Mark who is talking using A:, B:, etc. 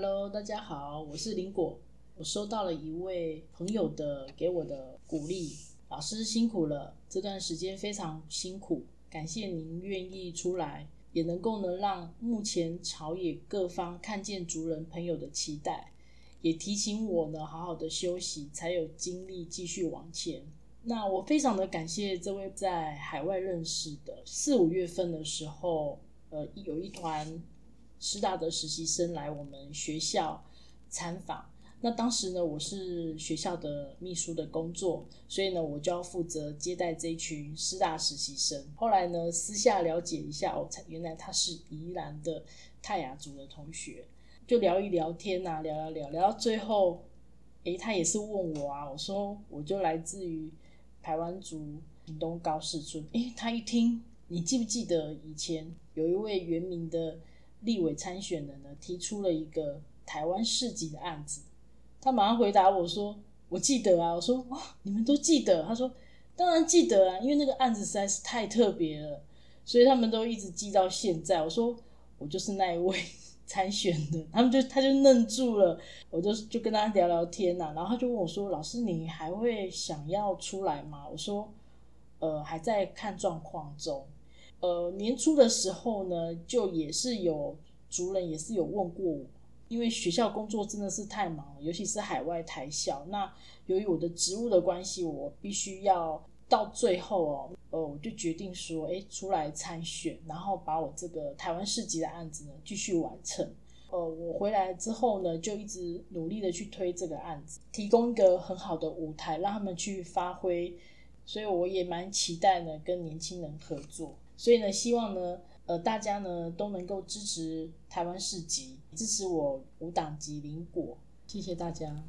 A: Hello，大家好，我是林果。我收到了一位朋友的給我的鼓勵，老師辛苦了，這段時間非常辛苦，感謝您願意出來，也能夠能讓目前朝野各方看見族人朋友的期待，也提醒我呢，好好的休息，才有精力繼續往前。那我非常的感謝這位在海外認識的，四五月份的時候，呃，一有一團。師大的實習生來我們學校參訪，那當時呢，我是學校的秘書的工作，所以呢，我就要負責接待這群師大實習生。後來呢，私下了解一下哦，原來他是宜蘭的泰雅族的同學，就聊一聊天啊，聊聊聊聊到最後，哎，他也是問我啊，我說我就來自於台灣族屏東高士村。哎，他一聽，你記不記得以前有一位原民的立委參選的呢，提出了一個台灣市集的案子，他馬上回答我說：“我記得啊。”我說：“哇、哦，你們都記得？”他說：“當然記得啊，因為那個案子實在是太特別了，所以他們都一直記到現在。”我說：“我就是那一位參選的。他”他們就他就愣住了，我就就跟他聊聊天吶、啊，然後他就問我說：“老師，你還會想要出來嗎？”我說：“呃，還在看狀況中。”呃，年初的時候呢，就也是有族人也是有問過我，因為學校工作真的是太忙了，尤其是海外台校。那由於我的職務的關係，我必須要到最後哦，呃，我就決定說，哎，出來參選，然後把我這個台灣市集的案子呢繼續完成。呃，我回來之後呢，就一直努力的去推這個案子，提供一個很好的舞台，讓他們去發揮。所以我也蠻期待呢，跟年輕人合作。所以呢，希望呢，呃，大家呢都能夠支持台灣市集，支持我無黨籍林果，謝謝大家。